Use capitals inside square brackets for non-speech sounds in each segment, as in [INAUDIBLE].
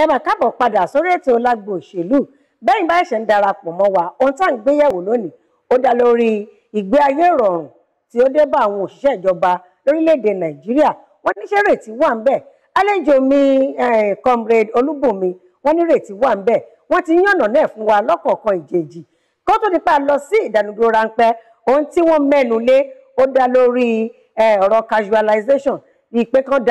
ẹ mà káàbọ̀ padà sórí ètò lágbo òṣèlú bẹ́yìn bá ẹ̀ṣẹ̀ ń darapọ̀ mọ́ wa ohun tá à ń gbéyẹ̀wò lónìí ó dá lórí ìgbé ayé ìrọ̀rùn tí ó dé bá àwọn òṣìṣẹ́ ìjọba lórílẹ̀‐èdè nàìjíríà wọ́n ní ṣé rètí wà ń bẹ̀ àlejò mi eh, comrade olúbùnmi wọ́n ní rètí wà ń bẹ̀ wọ́n ti yànnà náà fún wa lọ́kọ̀ọ̀kan ìjèjì kó tó nípa lọ sí ìdánudúró ráńpẹ́ ohun tí wọ́n mẹ́nu lé ó dá lórí eh, ọ̀rọ̀ casualization ìpè kan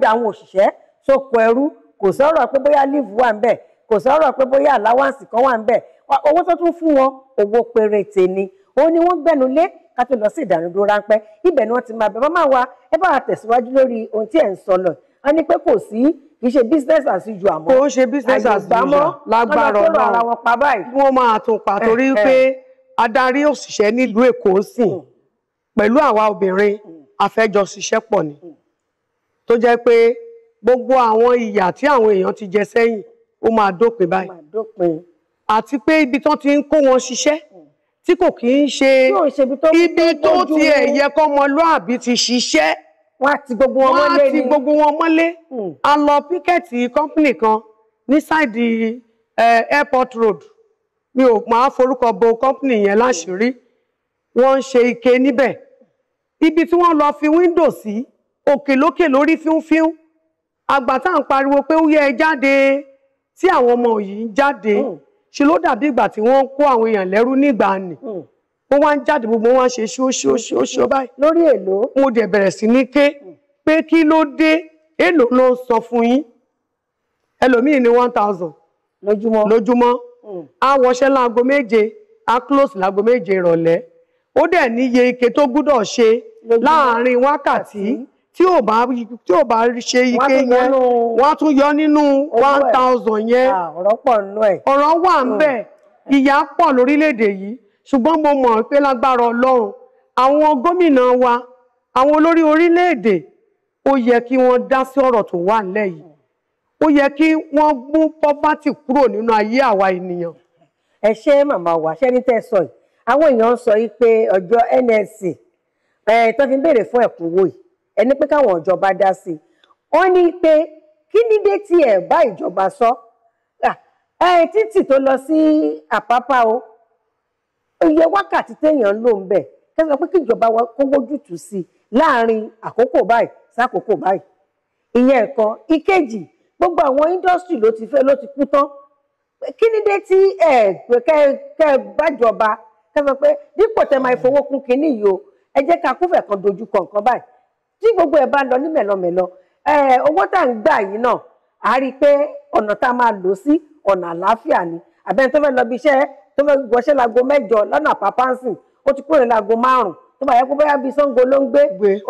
da àwọn òṣìṣẹ́ tó ẹrú kò sọ̀rọ̀ pé bóyá leave wà ń bẹ̀ kò sọ̀rọ̀ pé bóyá allowance kan wà ń bẹ̀ owó tó tún fún wọn owó péréte ni òun ni wọ́n gbẹ̀nu lé ká tó lọ sí ìdánudúró ráńpẹ́ ibẹ̀ ni wọ́n ti máa bẹ̀ mọ́mọ́ wa ẹ bá wa tẹ̀síwájú lórí ohun tí ẹ̀ ń sọ lọ a ní pé kò sí kì í ṣe business as usual àmọ́ kò ń ṣe business as usual lágbára ọ̀nà wọ́n máa tún pa torí pé adarí òṣìṣẹ́ nílùú Èkó ń sìn mm. pẹ̀lú àwa obìnrin mm. a fẹ́ jọ ṣiṣẹ́ pọ̀ ni mm. tó jẹ́ pé gbogbo àwọn ìyà tí àwọn èèyàn ti jẹ sẹ́yìn ó máa dópin báyìí àti pé ibi tán ti ń kó wọn ṣiṣẹ́ hmm. tí kò kì í ṣe ibi tó tiẹ̀ yẹ kọ́mọlúàbí ti ṣiṣẹ́ wọ́n ti gbogbo wọn wọ́n á ti gbogbo wọn mọ́lé hmm. a lọ píkẹ́ẹ̀tì kọ́mpìnì kan ní sáìdì airport road mi ò máa forúkọ bo kọ́mpìnì yẹn láṣìírí wọ́n ń ṣe ike níbẹ̀ ibi tí wọ́n lọ fi wíńdò sí òkè lókè lórí fíúnfíún àgbà tá à ń pariwo pé ó yẹ ẹ jáde tí àwọn ọmọ yìí ń jáde hmm. ṣe ló dàbí ìgbà tí wọ́n ń kó àwọn èèyàn lẹ́rú nígbà ni hmm. ó wá ń jáde gbogbo wọn ṣe ṣóṣóṣóṣó báyìí. lórí èlò. mo dẹ̀ bẹ̀rẹ̀ sí ní ké hmm. pé kí ló dé èlò ló ń sọ fún yín ẹlòmíì ní one thousand. lójúmọ́ lójúmọ́ a wọṣẹ́ láago méje a close láago méje ìrọ̀lẹ́ ó dẹ̀ níye ike tó gbúdọ̀ ṣe láàárín wákàtí tí ò bá tí ò bá ṣe ike yẹn wọ́n tún yọ nínú one thousand yẹn ọ̀rọ̀ pọ̀ nínú ẹ̀ ọ̀rọ̀ wà ń hmm. bẹ̀ ìyà pọ̀ lórílẹ̀‐èdè yìí ṣùgbọ́n mo mọ̀ pé lágbára ọlọ́run àwọn gómìnà wa àwọn olórí orílẹ̀‐èdè ó yẹ kí wọ́n dá sí ọ̀rọ̀ tó wà nílẹ̀ yìí ó yẹ kí wọ́n mú pọ́pátì kúrò nínú ayé àwa ènìyàn. ẹ ṣe màmá wa ṣé ní tẹ́ sọ yìí àwọn èèyàn ń sọ yìí pé ọjọ́ NSC tó fi ń béèrè fún ẹ̀kúnwó yìí ẹni pé káwọn ìjọba dá sí i wọ́n ní pé kí ni dé tí ẹ̀ bá ìjọba sọ ẹ̀ títì tó lọ sí àpápá o iye wákàtí téèyàn ló ń bẹ̀ kẹsàn pé kí ìjọba wa kó wójútùú sí i láàrin àkókò báyìí sákòókò báyìí ìyẹn kan ìkejì gbogbo àwọn indọ́sítì ló ti fẹ́ ló ti kú tán kí ni dé tí ẹ pé kẹ kẹ gbàjọba kẹsàn pé dípò tẹ máa fowó kún kínní yìí o ẹ jẹ́ ká kúfẹ̀ kan dojú kọ nǹkan báyìí tí gbogbo ẹ̀ bá lọ ní mẹ̀lọmẹ̀lọ owó tá à ń gbà yìí náà a rí i pé ọ̀nà tá a máa lò sí ọ̀nà àlàáfíà ni àbẹ́ni tó fẹ́ lọ bí iṣẹ́ tó fẹ́ wọṣẹ́ láago mẹ́jọ lọ́nà pàpáǹsì ó ti kúrò láago márùn tó bá yẹ kó bóyá bíi Ṣàngó ló ń gbé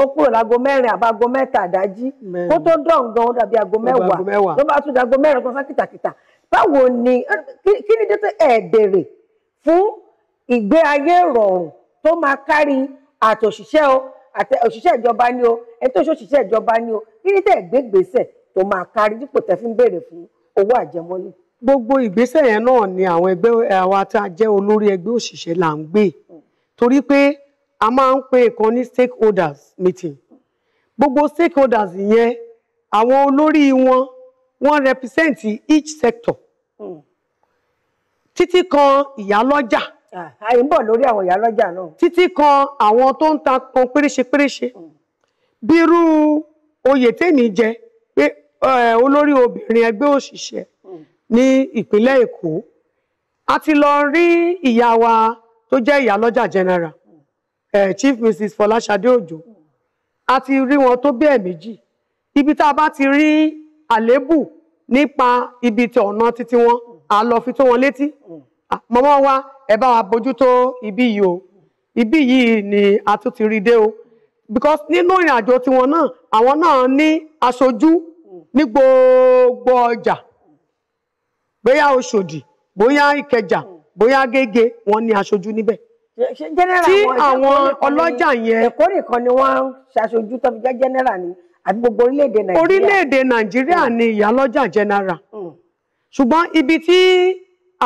ó kúrò láago mẹ́rin àbáago mẹ́ta àdájí kó tó dán gan ó dàbí aago mẹ́wàá tó bá tún dàgó mẹ́rin kan sá kìtàkìtà báwo ni kí ni dẹ́tẹ́ ẹ̀ bèrè fún ìgbé ayé rọrùn tó máa kárí àtòṣìṣẹ́ o àtẹ òṣìṣẹ́ ìjọba ni o ẹni tó ṣe òṣìṣẹ́ ìjọba ni o kíni tẹ́ gbé gbèsè tó máa kárí dípò tẹ́ fi ń béèrè fún owó àjẹmọ́lé. gbogbo ìgbésẹ̀ yẹn náà ni àwọn ẹgbẹ́ àwa tá a jẹ́ olórí ẹgbẹ́ òṣìṣẹ́ là ń gbé torí pé a máa ń pè kan ní stakeholders meeting gbogbo stakeholders yẹn àwọn olórí wọn wọ́n represent each sector hmm. títí kan ìyálọ́jà. Mm àyè ah, ń bọ̀ lórí àwọn ìyá lọ́jà náà. títí kan àwọn tó ń ta kan péréṣe péréṣe hmm. bírú oyè tèmi jẹ pé eh, olórí obìnrin ẹgbẹ́ òṣìṣẹ́ hmm. ní ìpínlẹ̀ Èkó a ti lọ rí ìyá wa tó jẹ́ ìyá lọ́jà general hmm. eh, Chief Mrs. Fọláṣadé Òjò a ti rí wọn tó bẹ́ẹ̀ méjì ibi tá a bá ti rí àléébù nípa ibi tí ọ̀nà títí wọn à lọ fi tó wọn létí màmá ah, wa ẹ bá wa bójútó ibí yìí o ibí yìí ni a tún ti rí dé o because nínú ìrìn àjò tiwọn náà àwọn náà ní aṣojú ní gbogbo ọjà bóyá Ọ̀ṣọ́dì bóyá Ìkẹjà bóyá Gégé wọn ní aṣojú níbẹ̀ tí àwọn ọlọ́jà yẹn Èkó nìkan ni wọ́n ṣaṣojú tó fi jẹ́ general ni àti gbogbo orílẹ̀-èdè Nàìjíríà orílẹ̀ Nàìjíríà ni ìyálọ́jà general hmm. ṣùgbọ́n ibi tí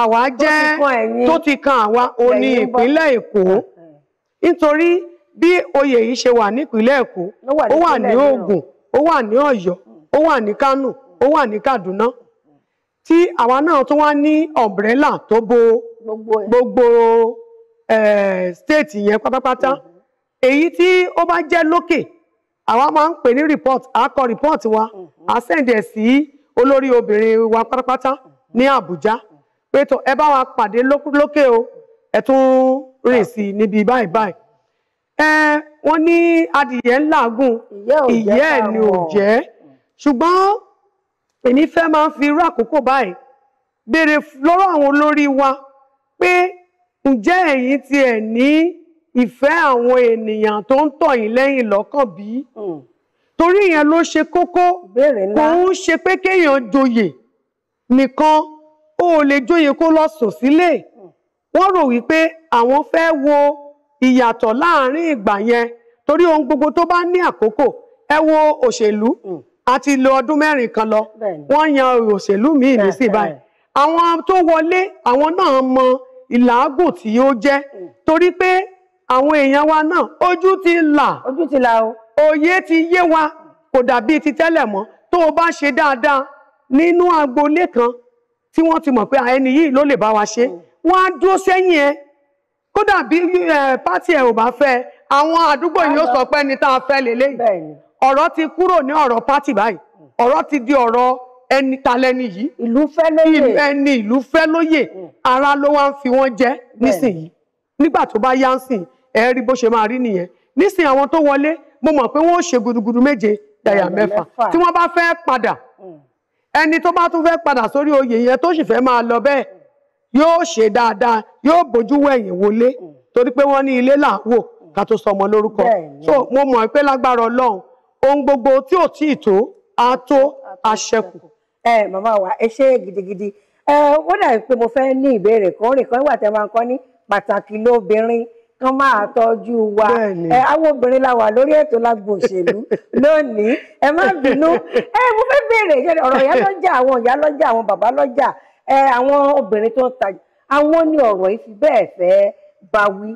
àwa jẹ́ tó ti kan àwa o ní ìpínlẹ̀ Èkó nítorí bí oyè yìí ṣe wà nípínlẹ̀ Èkó ó wà ní Ògùn ó wà ní Ọ̀yọ́ ó wà ní Kánò ó wà ní Kaduna tí àwa náà tún wá ní ọ̀mbrẹ́là tó bo gbogbo stéètì yẹn pátápátá mm-hmm. èyí tí ó bá jẹ́ lókè àwa máa ń pè ní report a kọ report wa mm-hmm. a send ẹ̀ sí olórí obìnrin wa pátápátá ní mm-hmm. Àbújá. Mm -hmm pé tó ẹ bá wa pàdé lókè o ẹ tún rìn sí níbi báyìí báyìí ẹ wọ́n ní adìyẹ ń làágùn ìyẹ́ ni ò jẹ́ ṣùgbọ́n èmi fẹ́ máa ń fi irú àkókò báyìí béèrè lọ́rọ̀ àwọn olórí wa pé ǹjẹ́ ẹ̀yin ti ẹ̀ ní ìfẹ́ àwọn ènìyàn tó ń tọ̀ yín lẹ́yìn lọ́kàn bí? Hmm. torí ìyẹn ló ṣe kókó kò ń ṣe pé kéèyàn joyè nìkan o ò lè jóyè kó lọ sùn sílé wọ́n rò wípé àwọn fẹ́ wo ìyàtọ̀ láàrin ìgbà yẹn torí ohun gbogbo tó bá ní àkókò ẹ wo òṣèlú àti hmm. lo ọdún mẹ́rin kan lọ wọ́n yan òṣèlú míì ní sí báyìí àwọn tó wọlé àwọn náà mọ ìlàágùn tí ó jẹ́ hmm. torí pé àwọn èèyàn wa náà ojú ti là ojú là o òye ti yé wa kò dàbí ti tẹ́lẹ̀ mọ́ tó o bá ṣe dáadáa nínú agboolé kan tí wọ́n ti mọ̀ pé ẹni yìí ló lè bá wa ṣe oh. wọ́n á dúró sẹ́yìn ẹ kódà bí pátì ẹ ò bá fẹ́ àwọn àdúgbò yìí ó sọ pé ẹni tá a fẹ́ lélẹ́yìí ọ̀rọ̀ ti kúrò ní ọ̀rọ̀ pátì báyìí ọ̀rọ̀ ti di ọ̀rọ̀ ẹni talẹ́ni yìí ìlú fẹ́ lóyè ẹni ìlú fẹ́ lóyè mm. ara ló wá ń fi wọ́n jẹ nísìnyí nígbà tó bá yá ń sìn ẹ rí bó ṣe máa rí nìyẹn nísìn àwọn tó wọlé mo mọ̀ pé wọ́n ó ṣe gudugudu méje dàyà mẹ́fà tí wọ́n bá fẹ́ padà mm ẹni tó bá tún fẹ́ padà sórí oyè yẹn tó sì fẹ́ máa lọ bẹ́ẹ̀ yóò ṣe dáadáa yóò bójú wẹ̀yìn wọlé torí pé wọ́n ní ilé là ń wò ká tó sọmọ lórúkọ so mo mọ̀ pé lágbára ọlọ́run ohun gbogbo tí ò tí ì tó á tó á ṣẹ́kù. ẹ màmá wa ẹ ṣe gidigidi ẹ wọ́n dàbí pé mo fẹ́ ní ìbéèrè kan orin kan wà tẹ́ máa ń kọ́ ní pàtàkì lóbìnrin kán máa tọ́jú wa ẹ àwọn obìnrin la wà lórí ètò lágbo òṣèlú [LAUGHS] lónìí ẹ má bínú ẹ mo fẹ́ béèrè ọ̀rọ̀ ìyá lọ́jà àwọn ìyá lọ́jà àwọn bàbá lọ́jà ẹ àwọn obìnrin tó ń tajà àwọn ní ọ̀rọ̀ yìí fi bẹ́ẹ̀ fẹ́ bá wí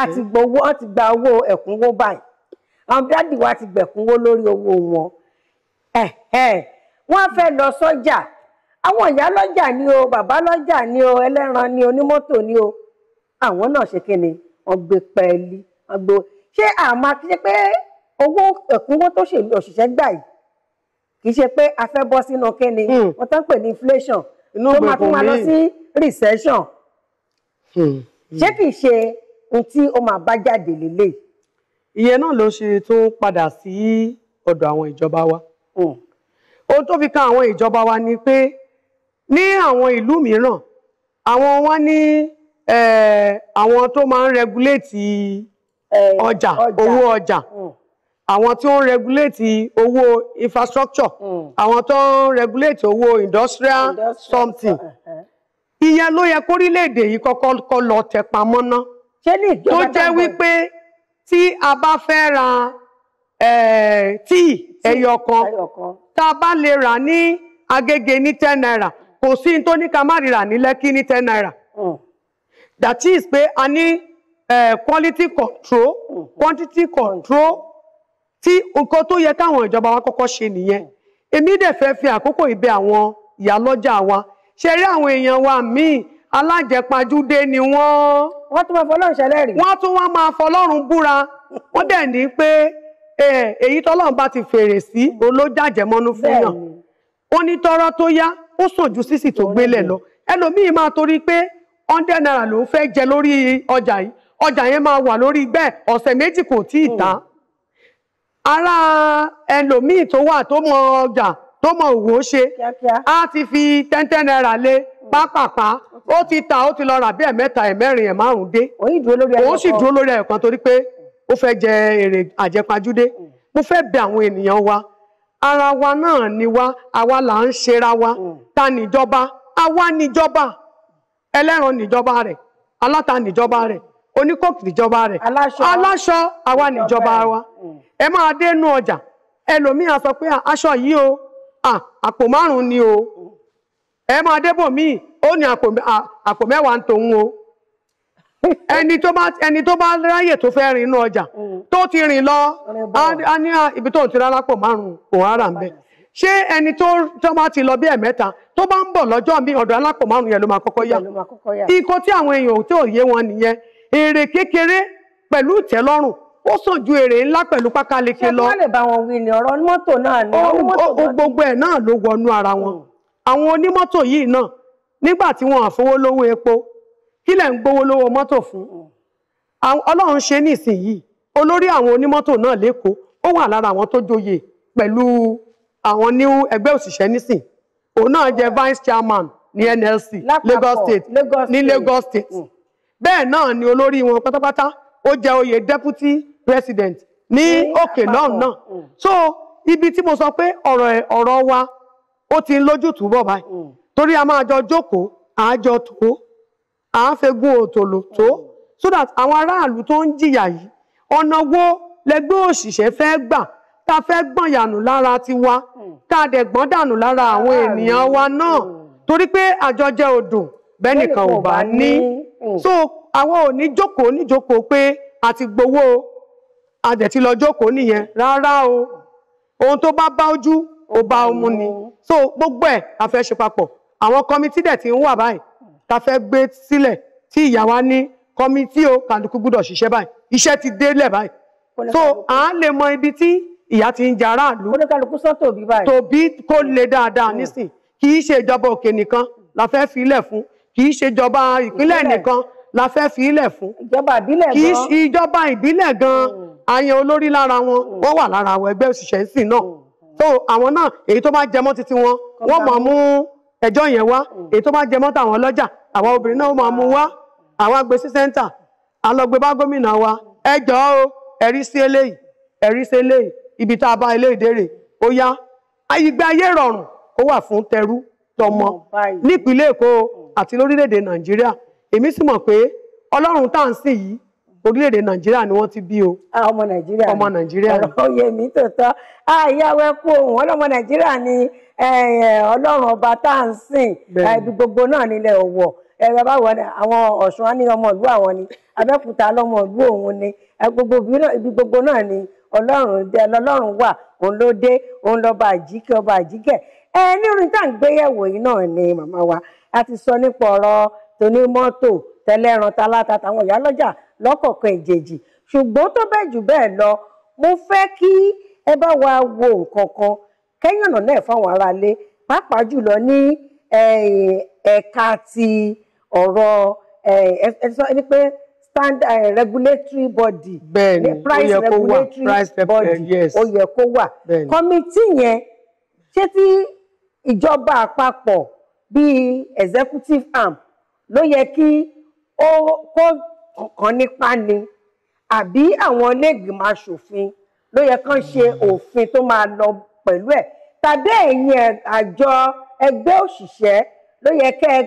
àti gbowó wọ́n ti gba owó ẹ̀kúnwó báyìí àwọn dádì wa ti gbẹ̀kúnwó lórí owó wọn ẹ ẹ wọ́n fẹ́ lọ sọ́jà àwọn ìyá lọ́jà ni o bàbá lọ́jà ni o ẹlẹ́ran ni onímọ́tò ni o àwọn náà ṣe kí ni wọ́n gbé pẹ́ẹ́lí wọ́n gbé ṣé àmọ́ kí ṣe pé owó ẹ̀kúnwó tó ṣèlú òṣìṣẹ́ gbà yìí kì í ṣe pé a fẹ́ bọ́ sínú kínni hmm. wọ́n tán pè ní inflation tó máa tún máa lọ sí recession hmm. ṣé kì í ṣe ohun tí ó máa bá jáde lélẹ̀. ìyẹn náà ló ṣe tó ń padà sí ọ̀dọ̀ àwọn ìjọba wa hmm. ohun tó fi kan àwọn ìjọba wa ni pé ní àwọn ìlú mìíràn àwọn wọn ní. Ni àwọn tó máa ń rẹguléètì ọjà owó ọjà mm. mm. àwọn tó ń rẹguléètì owó infrastructure àwọn tó ń rẹguléètì owó industrial something uh-huh. ìyẹn ló yẹ kórílẹ̀-èdè yìí kọ́kọ́ kọ́ lọ tẹ̀ pamọ́ ná tó jẹ́ wípé tí a bá fẹ́ ra tíì ẹyọ kan tá a bá lè rà ní Agége ní ten naira kò sí ní tó ní ká má rí rà ní Lẹ́kí ní ten naira. Mm that is pé a ní quality control mm-hmm. quantity control tí nǹkan tó yẹ káwọn ìjọba wa kọ́kọ́ ṣe nìyẹn èmi dẹ̀ fẹ́ fi àkókò ìbẹ àwọn ìyálọ́jà wa ṣe rí àwọn èèyàn wa míì alájẹpajúdé ni wọ́n. wọ́n tún máa fọlọ́run ṣẹlẹ́rìí. wọ́n tún wá máa fọlọ́run búra wọ́n dẹ̀ ní pé èyí tọ́lọ́run bá ti fèrè sí olójàjẹmọ́nú fún náà ó ní tọ́rọ́ tó yá ó sàn ju sísì tó gbélé lọ ẹlòmíì máa torí pé hundred naira ló fẹ́ jẹ lórí ọjà yìí ọjà yẹn máa wà lórí bẹ́ẹ̀ ọ̀sẹ̀ méjì kò tí ì ta ara ẹlòmíì tó wà tó mọ ọjà tó mọ òwò ṣe á ti fi ten ten naira lé pápápá ó ti ta ó ti lọ rà bí ẹ̀mẹ́ta ẹ̀mẹ́rin ẹ̀ márùn-ún dé òun sì dúró lórí ẹ̀kan torí pé ó fẹ́ jẹ èrè àjẹpajúdé mm. mo fẹ́ bẹ àwọn ènìyàn wa ara wa náà ni wa àwa là ń ṣera wa mm. ta níjọba àwa níjọba. ẹlẹ́ran nìjọba rẹ̀ aláta nìjọba rẹ̀ oníkòkò nìjọba rẹ̀ aláṣọ àwa nìjọba wa mm. ẹ máa dé inú ọjà ẹlòmíì a, sọ pé aṣọ yìí o àpò márùn-ún ni o ẹ máa débò míì ó ní àpò mẹ́wàá ń o [LAUGHS] ẹni tó bá ráyè tó fẹ́ mm. ti rìn lọ a ní ibi tó ń ti rárá pọ̀ ṣé ẹni tó tó bá ti lọ bí ẹ̀mẹ́ta tó bá ń bọ̀ lọ́jọ́ mi ọ̀dọ̀ alápò márùn yẹn ló máa kọ́kọ́ yá ikọ̀ tí àwọn èèyàn tó yé wọn nìyẹn èrè kékeré pẹ̀lú ìtẹ́lọ́rùn ó sàn ju èrè ńlá pẹ̀lú pákáleke lọ. ṣé wọ́n lè bá wọn wí ni ọ̀rọ̀ mọ́tò náà ni. ó gbogbo ẹ̀ náà ló wọnú ara wọn àwọn onímọ́tò yìí náà nígbà tí wọn àfowó epo kí ń gbowó lówó mọ́tò fún ọlọ́run ṣe àwọn ní ẹgbẹ́ òṣìṣẹ́ nísìn òun náà jẹ́ vice chairman ní NLC Lagos State ní Lagos State mm. bẹ́ẹ̀ náà ni olórí wọn pátápátá ó jẹ́ oyè deputy president ní òkè lọ́hùn náà mm. so ibi tí mo sọ pé ọ̀rọ̀ ọ̀rọ̀ wa ó ti ń lójútùú bọ̀ báyìí mm. torí a máa jọ jókòó àájọ tó à ń fegún òtòlò tó so that àwọn aráàlú tó ń jìyà yìí ọ̀nà wo lẹgbẹ́ òṣìṣẹ́ fẹ́ gbà tá a fẹ́ gbọ̀n yànù lára tiwa tá a dẹ̀ gbọ́n dànù lára àwọn ènìyàn wa náà torí pé àjọjẹ odò bẹ́nìkan ò bá ní so àwọn ò ní jókòó níjókòó pé a ti gbowó a dẹ̀ ti lọ jókòó nìyẹn rárá o ohun tó bá bá ojú ó bá ọmú ni so gbogbo ẹ̀ a fẹ́ ṣe papọ̀ àwọn kọmití dẹ̀ ti ń wà báyìí ta fẹ́ gbé sílẹ̀ tí ìyá wa ní kọmití o kàndùkú gbúdọ̀ ṣiṣẹ́ báyìí iṣẹ́ ti délẹ̀ báyìí so à ń lè mọ ibi tí ìyá ti ń jara ìlú. oníkàlùkù sọ tòbí báyìí. tòbí kó le dáadáa hmm. nísìn kì í ṣe ìjọba òkè nìkan la fẹ́ fi ilẹ̀ fún kì í ṣe ìjọba ìpínlẹ̀ nìkan la fẹ́ fi ilẹ̀ fún. ìjọba kì í ṣe ìjọba ìbílẹ̀ gan hmm. ayan olórí lára wọn hmm. wọ́n wà lára àwọn ẹgbẹ́ òṣìṣẹ́ sìn náà so àwọn náà èyí tó bá jẹmọ́ títí wọn wọ́n máa mú ẹjọ́ yẹn wá èyí tó bá jẹmọ́ tàwọn ọlọ́jà àwọn obìnrin náà máa mú wá àwọn agbè sẹ́ńtà alọ́gbé gómìnà wa ẹjọ́ o ẹ̀rí sí eléyìí ẹ̀rí sí eléyìí ibi tá a bá ilé ìdérè ó yá ayígbé ayé rọrùn kó wà fún tẹrú tọmọ nípínlẹ̀ Èkó mm. àti lórílẹ̀‐èdè Nàìjíríà èmi sì mọ̀ pé Ọlọ́run tá à ń sìn yìí orílẹ̀-èdè nàìjíríà ni wọ́n ti bí o. ọmọ nàìjíríà ọmọ nàìjíríà ni. ọ̀rọ̀ oyè mi tòótọ́ àyàwó ẹ̀kú ohun ọlọ́mọ nàìjíríà ni ọlọ́run ọba tá à ń sìn ibi gbogbo náà nílẹ̀ ọ̀wọ̀ ẹ̀rọ báwo ni àwọn ọ̀ṣun á ní ọmọ ìlú àwọn ni abẹ́òkúta lọ́mọ ìlú òun ni gbogbo náà ni ọlọ́run dé ọlọ́run wà òun ló dé òun lọ́ba àjíkẹ́ ọba àjíkẹ́ ẹ ní orin tá à ń gbéyẹ̀wò yìí náà ni màmá wa a ti sọ nípa ọ̀rọ̀ tonímọ́tò tẹlẹ́ran taláta táwọn ìyá lọ́jà lọ́kọ̀ọ̀kan ìjèjì ṣùgbọ́n tó bẹ́ẹ̀ jù bẹ́ẹ̀ lọ mo fẹ́ kí ẹ bá wa wo nǹkan kan kẹ́yìn ọ̀nà náà fáwọn aráalé pàápàá jùlọ ní ẹ̀ka ti ọ̀rọ̀ ẹ sọ ni pé standard uh, eh, regulatory body bẹ́ẹ̀ni price regulatory price body eh, ó yẹ kó wà committee yẹn ṣé tí ìjọba àpapọ̀ bíi executive arm ló yẹ kí ó kó kàn nípa ni àbí àwọn iléègbìmọ̀ aṣòfin ló yẹ kán ṣe hmm. òfin tó máa lọ pẹ̀lú ẹ̀ tàbí ẹ̀yin àjọ ẹgbẹ́ òṣìṣẹ́ ló yẹ kẹ́ ẹ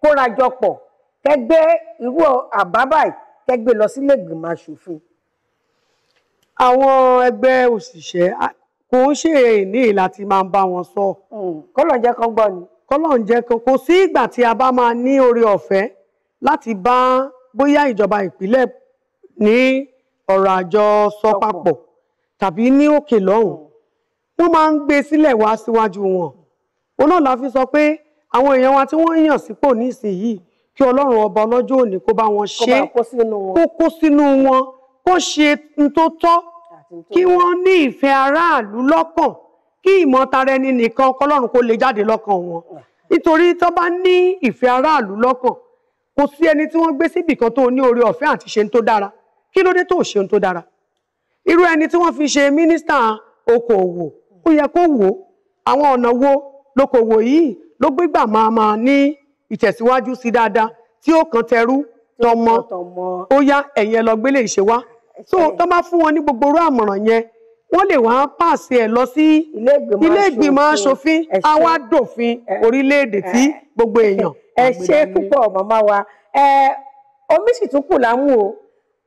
kórajọpọ̀ kẹ́ irú àbá báyìí kẹ́ gbé lọ sílé ìgbìmọ̀ asòfin. àwọn ẹgbẹ́ òṣìṣẹ́ kò ń ṣe èní láti máa ń bá wọn sọ. Hmm. kọ́lọ̀ jẹ́ kán gbọ́ ni. kọ́lọ̀ ń jẹ́ kán kò sí ìgbà tí a bá máa ní oore ọ̀fẹ́ láti bá bóyá ìjọba ìpínlẹ̀ ní ọ̀rọ̀ àjọ sọ papọ̀ tàbí ní òkè lọ́hùn hmm. wọ́n máa ń gbé sílẹ̀ wá síwájú wọn òun náà la fi sọ pé àwọn èèyàn wa tí wọ́n yàn sípò nísìnyìí kí ọlọ́run ọba ọlọ́jọ́ òní kó bá wọn ṣe kó kó sínú wọn kó ṣe n tó tọ́ kí wọ́n ní ìfẹ́ aráàlú lọ́kàn kí ìmọ̀tara ẹni nìkan kọlọ́run kó lè jáde lọ́kàn wọn nítorí tó bá ní ìfẹ́ aráàlú lọ́kàn kò sí ẹni tí wọ́n gbé síbì kan tó ní oore ọ̀fẹ́ àti ṣe tó dára kí ló dé tó ṣe tó dára irú ẹni tí wọ́n fi ṣe mínísítà okòòwò ó yẹ kó wò àwọn ọ̀nà wo lókòòwò yìí ló gbégbà máa máa ní ìtẹ̀síwájú sí dáadáa tí ó kan tẹrú tọmọ ó yá ẹ̀yin ẹ lọ gbélé wá so tó bá fún wọn ní gbogbo orú àmọ̀ràn yẹn wọ́n lè wá pàṣẹ ẹ̀ lọ sí ilé ìgbìmọ̀ aṣòfin àwa orílẹ̀-èdè tí gbogbo èèyàn. ẹ ṣe púpọ̀ màmá wa omi sì tún kù lámú o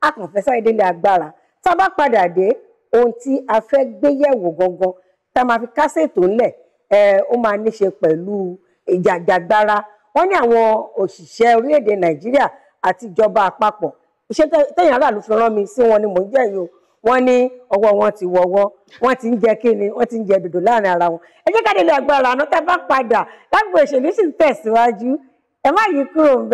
a kàn fẹ́ sáré délé agbára tá a bá padà dé ohun tí a fẹ́ gbé yẹ̀wò gangan tá a máa fi kásẹ̀ ńlẹ̀ ó máa ní ṣe pẹ̀lú ìjàgbára wọ́n ní àwọn òṣìṣẹ́ orílẹ̀-èdè nàìjíríà àti ìjọba àpapọ̀ iṣẹ́ tẹ̀yìn aráàlú fi rán mi sí wọn ni mò ń jẹ́ yìí o wọ́n ní ọwọ́ wọn ti wọ́wọ́ wọ́n ti ń jẹ kíni wọ́n ti ń jẹ dòdò láàrin ara wọn ẹ jẹ́ káde lọ ẹgbẹ́ ara àná tẹ́ bá padà lágbo ìṣèlú sì ń tẹ̀síwájú ẹ má yí kúrò ń